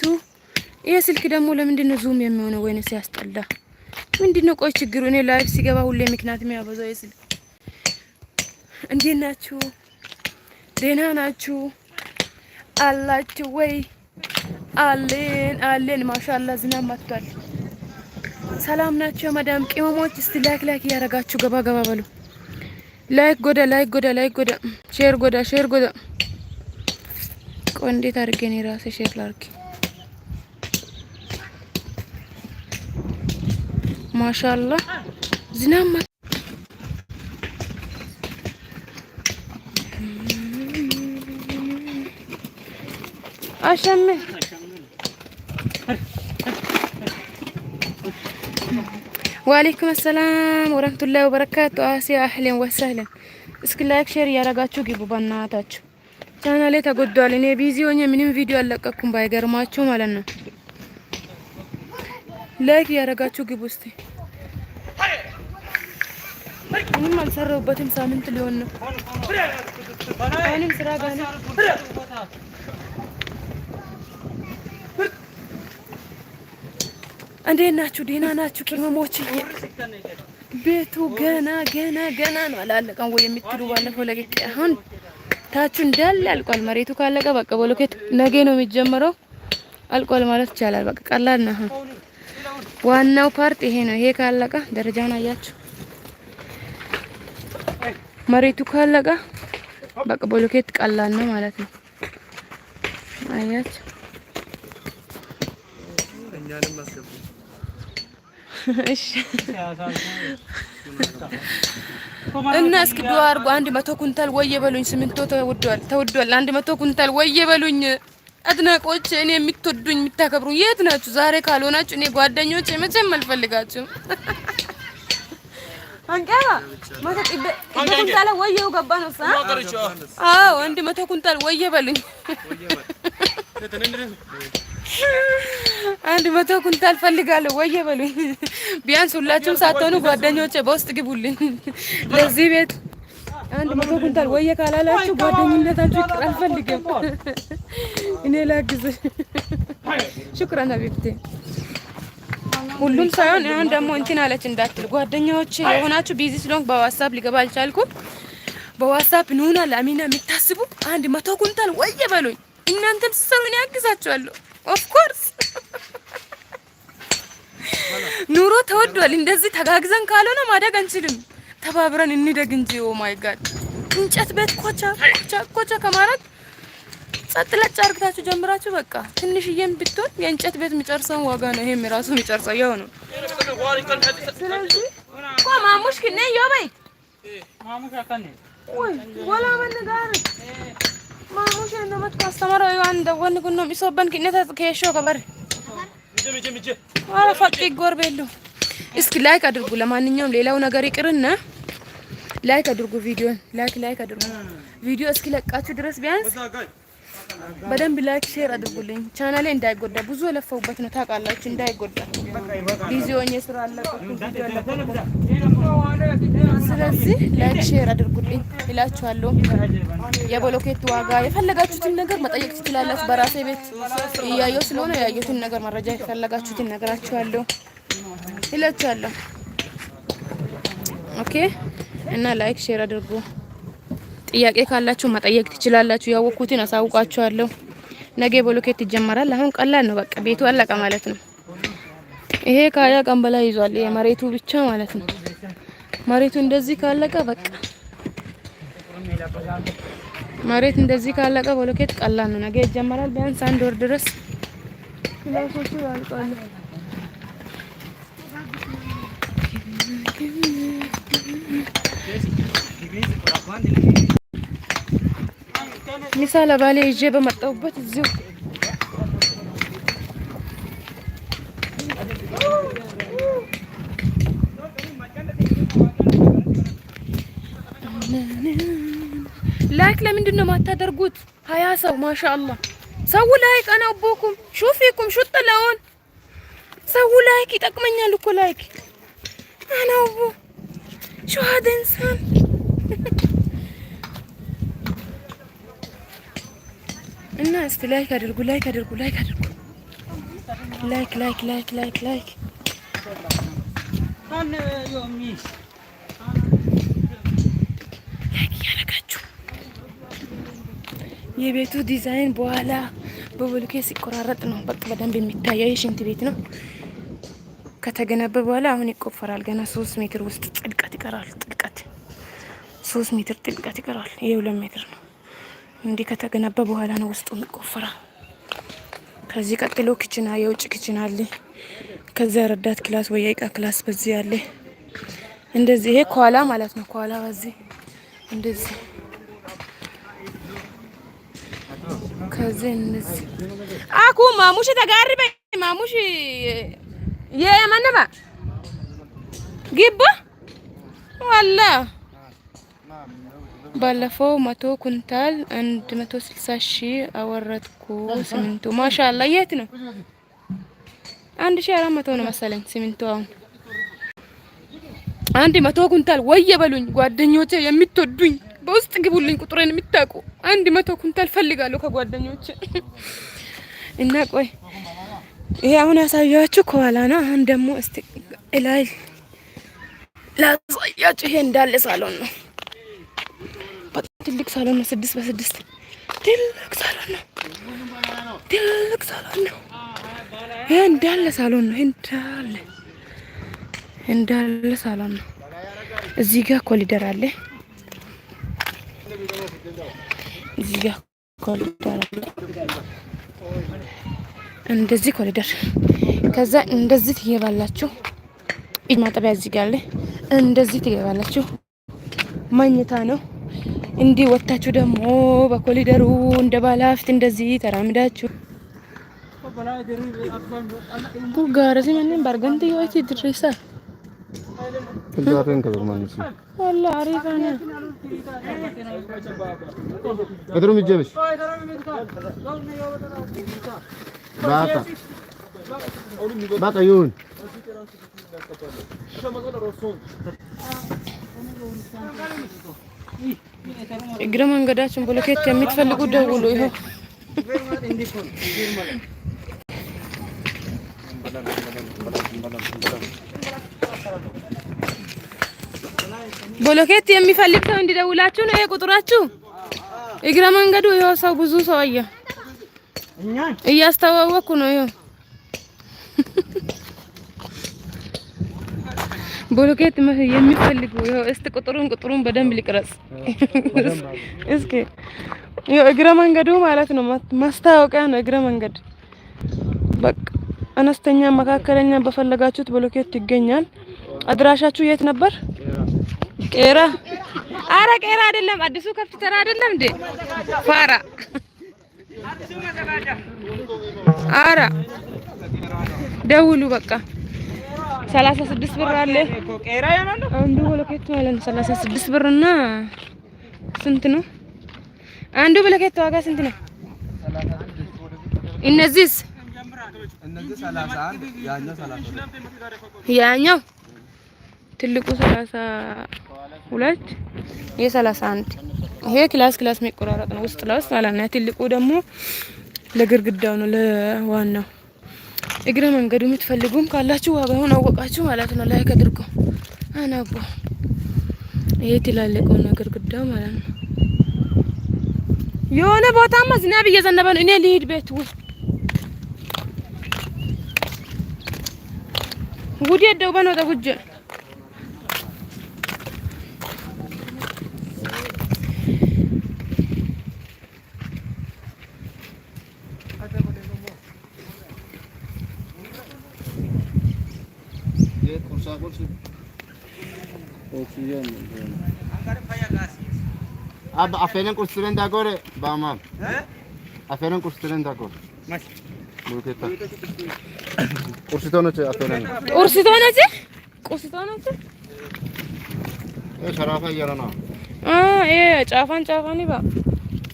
ቱ ይሄ ስልክ ደግሞ ለምንድን ነው ዙም የሚሆነው? ነው ሲያስጠላ። ምንድን ነው ቆይ ችግሩ? እኔ ላይፍ ሲገባ ሁሌ ምክንያት የሚያበዛው ይሄ ስልክ። እንዴት ናችሁ? ደህና ናችሁ አላችሁ ወይ? አለን አለን። ማሻአላ ዝናብ መጥቷል። ሰላም ናቸው መዳም ቅመሞች። እስቲ ላይክ ላይክ እያደረጋችሁ ገባ ገባ በሉ። ላይክ ጎዳ ላይክ ጎዳ ላይክ ጎዳ ሼር ጎዳ ሼር ጎዳ። ቆይ እንዴት አድርጌ እኔ ራሴ ሼር ላድርግ? ማሻላ ዝናብ አሸምን ወአለይኩም ሰላም ወራህመቱላሂ ወበረካቱ። አሲያ አህለን ወሰህለን። እስኪ ላይክ ሼር እያደረጋችሁ ግቡ። በእናታችሁ ቻናሌ ተጎዷል። እኔ ቢዚ ሆኜ ምንም ቪዲዮ አልለቀኩም ባይገርማችሁ ማለት ነው። ላይክ እያደረጋችሁ ግቡ እስቲ። ምንም አልሰራሁበትም። ሳምንት ሊሆን ነው። አሁንም ስራ ጋር ነው። እንዴት ናችሁ? ደህና ናችሁ? ቅመሞች ቤቱ ገና ገና ገና ነው፣ አላለቀም ወይ የምትሉ ባለፈው ለቅቄ፣ አሁን ታችሁ እንዳለ አልቋል። መሬቱ ካለቀ በቃ በሎኬት ነገ ነው የሚጀምረው። አልቋል ማለት ይቻላል። በቃ ቀላል ነው አሁን ዋናው ፓርት ይሄ ነው። ይሄ ካለቀ ደረጃውን አያችሁ። መሬቱ ካለቀ በቃ ብሎኬት ቀላል ነው ማለት ነው። አያችሁ እና እስኪ ዱአ አንድ መቶ ኩንታል ወየ በሉኝ። ሲሚንቶ ተወዷል ተውዷል። አንድ መቶ ኩንታል ወየበሉኝ. በሉኝ። አድናቆች እኔ የምትወዱኝ የምታከብሩኝ የት ናችሁ? ዛሬ ካልሆናችሁ እኔ ጓደኞች መቼም አልፈልጋችሁም። ኩንታል ወየው ገባ ነው። አዎ አንድ መቶ ኩንታል ወየ በሉኝ። አንድ መቶ ኩንታል ፈልጋለሁ ወየ በሉኝ። ቢያንስ ሁላችሁም ሳትሆኑ ጓደኞቼ በውስጥ ግቡልኝ ለዚህ ቤት አንድ መቶ ኩንታል ወየ ካላላችሁ ጓደኝነታችሁ ይቅር፣ አልፈልግም። ሌላ ጊዜ ሽኩራን ሀቢብቴ ሁሉም ሳይሆን አሁን ደግሞ እንትን አለች እንዳትል ጓደኛዎች የሆናችሁ ቢዚ ስለሆንክ በዋትሳፕ ሊገባ አልቻልኩም። በዋትሳፕ ኑና ለአሚና የምታስቡ አንድ መቶ ኩንታል ወየ በሉኝ። እናንተም ስሰሩ እኔ አግዛችኋለሁ። ኦፍኮርስ ኑሮ ተወዷል። እንደዚህ ተጋግዘን ካልሆነ ማደግ አንችልም። ተባብረን እንደግ እንጂ ኦ ማይ ጋድ እንጨት ቤት ኮቻ ኮቻ ኮቻ ከማረት ጸጥ ለጭ አርግታችሁ ጀምራችሁ በቃ ትንሽዬም ብትሆን የእንጨት ቤት የሚጨርሰውን ዋጋ ነው ይሄም የራሱ የሚጨርሰው ያው ነው። ስለዚህ እኮ ማሙሽ ክነ ዮበይ ወላ ማሙሽ እንደመት ካስተማረ ይዋን ደወን ጉኖ ሚሶበን ክነ ተከሾ ከበር አረ ፈጥ ይጎር ቤሉ እስኪ ላይክ አድርጉ። ለማንኛውም ሌላው ነገር ይቅርና ላይክ አድርጉ። ቪዲዮን ላይክ ላይክ አድርጉ። ቪዲዮ እስኪ ለቃችሁ ድረስ ቢያንስ በደንብ ላይክ ሼር አድርጉልኝ። ቻናሌ እንዳይጎዳ ብዙ የለፈውበት ነው ታውቃላችሁ። እንዳይጎዳ ቢዚ ሆኜ ስራ አለበት። ስለዚህ ላይክ ሼር አድርጉልኝ እላችኋለሁ። የቦሎኬት ዋጋ የፈለጋችሁትን ነገር መጠየቅ ትችላላችሁ። በራሴ ቤት እያየሁ ስለሆነ ያየሁትን ነገር መረጃ የፈለጋችሁትን ነገራችኋለሁ እላችኋለሁ። ኦኬ እና ላይክ ሼር አድርጉ። ጥያቄ ካላችሁ መጠየቅ ትችላላችሁ። ያወቅኩትን አሳውቃችኋለሁ። ነገ ቦሎኬት ይጀመራል። አሁን ቀላል ነው፣ በቃ ቤቱ አለቀ ማለት ነው። ይሄ ከሀያ ቀን በላይ ይዟል። ይሄ ብቻ ማለት ነው። መሬቱ እንደዚህ ካለቀ በቃ መሬት እንደዚህ ካለቀ ቦሎኬት ቀላል ነው። ነገ ይጀመራል። ቢያንስ አንድ ወር ድረስ ላሶቹ ያልቃሉ። ምሳ ለባሌ ይዤ በመጣሁበት እዚሁ ላይክ ለምንድን ነው የማታደርጉት? ሀያ ሰው ማሻአላህ ሰው ላይክ አናቦኩም ቦኩም ሹፊኩም ሹጥ ለውን ሰው ላይክ ይጠቅመኛል እኮ ላይክ Ana bu. Şu halde እና እስቲ ላይክ አድርጉ፣ ላይክ አድርጉ፣ ላይክ አድርጉ። ላይክ ላይክ ላይክ ላይክ ላይክ እያደረጋችሁ የቤቱ ዲዛይን በኋላ በብሎኬት ሲቆራረጥ ነው በቃ በደንብ የሚታየው የሽንት ቤት ነው። ከተገነበ በኋላ አሁን ይቆፈራል። ገና ሶስት ሜትር ውስጥ ጥልቀት ይቀራል። ጥልቀት ሶስት ሜትር ጥልቀት ይቀራል። ይሄ ሁለት ሜትር ነው። እንዲህ ከተገነበ በኋላ ነው ውስጡ ይቆፈራል። ከዚህ ቀጥሎ ክችና የውጭ ክችን አለ። ከዛ ረዳት ክላስ ወይ የእቃ ክላስ በዚህ አለ። እንደዚህ ይሄ ኳላ ማለት ነው። ኳላ በዚህ እንደዚህ ከዚህ እንደዚህ አኩ ማሙሽ ተጋርበ ማሙሽ ఏమన్నావా ጊቡ ወላ ባለፈው መቶ ኩንታል አንድ መቶ ስልሳ ሺህ አወረድኩ። ሲሚንቶ ማሻላ የት ነው? አንድ ሺህ አራት መቶ ነው መሰለኝ ሲሚንቶ። አሁን አንድ መቶ ኩንታል ወየ በሉኝ ጓደኞቼ፣ የምትወዱኝ በውስጥ ግቡልኝ፣ ቁጥሬን የምታውቁ አንድ መቶ ኩንታል ፈልጋለሁ ከጓደኞቼ እና ቆይ ይሄ አሁን ያሳያችሁ ከኋላ ነው። አሁን ደግሞ እስቲ ላይ ላሳያችሁ። ይሄ እንዳለ ሳሎን ነው። በጣም ትልቅ ሳሎን ነው። ስድስት በስድስት ትልቅ ሳሎን ነው። ትልቅ ሳሎን ነው። ይሄ እንዳለ ሳሎን ነው። እንዳለ እንዳለ ሳሎን ነው። እዚህ ጋር ኮሊደር አለ። እዚህ ጋር ኮሊደር አለ። እንደዚህ ኮሪደር፣ ከዛ እንደዚህ ትገባላችሁ። እጅ ማጠቢያ እዚህ ጋር ላይ እንደዚህ ትገባላችሁ። መኝታ ነው። እንዲህ ወታችሁ ደግሞ በኮሊደሩ እንደ ባላፍት እንደዚህ ተራምዳችሁ ጉጋረሲ ምንም በርገንት ይወት ይድርሳ ተጋረን ከበርማንስ ወላ አሪፋነ እድሩም ምጀምሽ Bata. Bata yun. እግረ መንገዳችን ብሎኬት የምትፈልጉ ደውሉ። ይኸው ብሎኬት የሚፈልግ ሰው እንዲደውላችሁ ነው ይሄ ቁጥራችሁ። እግረ መንገዱ ይኸው ሰው ብዙ ሰው አየ እያስተዋወቅኩ ነው። ይኸው ቦሎኬት የሚፈልጉ እስቲ ቁጥሩን ቁጥሩን በደንብ ሊቅረጽ እስኪ። እግረ መንገዱ ማለት ነው፣ ማስታወቂያ ነው። እግረ መንገድ በቃ አነስተኛ፣ መካከለኛ በፈለጋችሁት ብሎኬት ይገኛል። አድራሻችሁ የት ነበር? ቄራ። አረ ቄራ አይደለም፣ አዲሱ ከፍተራ አይደለም እንዴ? ፋራ አራ ደውሉ በቃ 36 ብር አለ ቆቀራ አንዱ ብሎኬት ማለት 36 ብር እና ስንት ነው? አንዱ ብሎኬት ዋጋ ስንት ነው? እነዚህስ ያኛው ትልቁ 32 ይሄ 31 ይሄ ክላስ ክላስ የሚቆራረጥ ነው ውስጥ ለውስጥ ማለት ነው። ትልቁ ደግሞ ለግርግዳው ነው ለዋናው እግረ መንገዱ የምትፈልጉም ካላችሁ ዋጋውን አወቃችሁ ማለት ነው። ላይ ከድርጎ አናቦ ይሄ ትላልቀው ነው ግርግዳው ማለት ነው። የሆነ ቦታማ ዝናብ እየዘነበ ነው። እኔ ልሂድ ቤት ውስጥ ውዴ ደው በነው ተጉጀ Abi aferin kursuren da gore ba ma. Aferin kursuren da gore. Burketa. Kursiton öte aferin. Kursiton öte? Kursiton öte? E şarafa yarana. Aa e çafan çafani ba.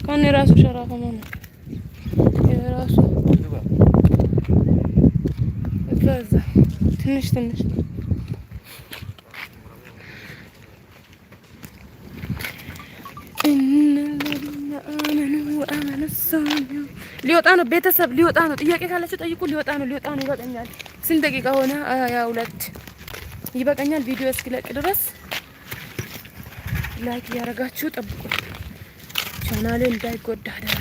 Kan ne rasu şarafa mı? E rasu. Kızı. ትንሽ ትንሽ ሊወጣ ነው። ቤተሰብ ሊወጣ ነው። ጥያቄ ካላችሁ ጠይቁ። ሊወጣ ነው። ሊወጣ ነው። ይበቃኛል። ስንት ደቂቃ ሆነ? ሀያ ሁለት ይበቃኛል። ቪዲዮ እስኪለቅ ድረስ ላይክ እያደረጋችሁ ጠብቁ። ቻናሌ እንዳይጎዳ አደራ።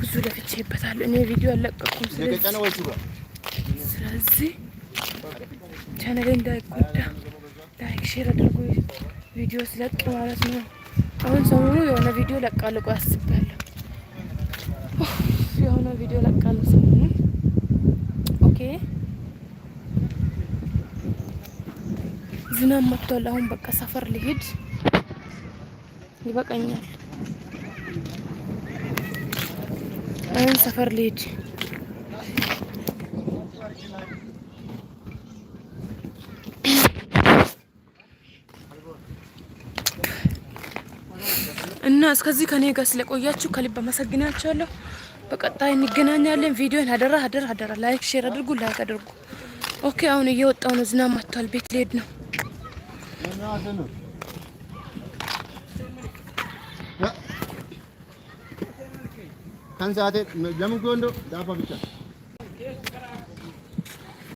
ብዙ ለፍቼበታለሁ። እኔ ቪዲዮ አልለቀኩም። ስለዚህ ቻናሌ እንዳይጎዳ ላይክ ሼር አድርጉ። ቪዲዮ ስለቅ ማለት ነው። አሁን ሰሞኑን የሆነ ቪዲዮ ለቃለቁ ያስባለሁ የሆነ ቪዲዮ ለቃለሁ ሰሞኑን። ኦኬ ዝናብ መጥቷል። አሁን በቃ ሰፈር ልሄድ ይበቃኛል። አሁን ሰፈር ልሄድ እና እስከዚህ ከኔ ጋር ስለቆያችሁ ከልብ አመሰግናችኋለሁ። በቀጣይ እንገናኛለን። ቪዲዮን አደራ አደራ አደራ ላይክ ሼር አድርጉ፣ ላይክ አድርጉ። ኦኬ አሁን እየወጣው ነው፣ ዝናብ መጥቷል። ቤት ልሄድ ነው። ለምን ጎንዶ ዳፋ ብቻ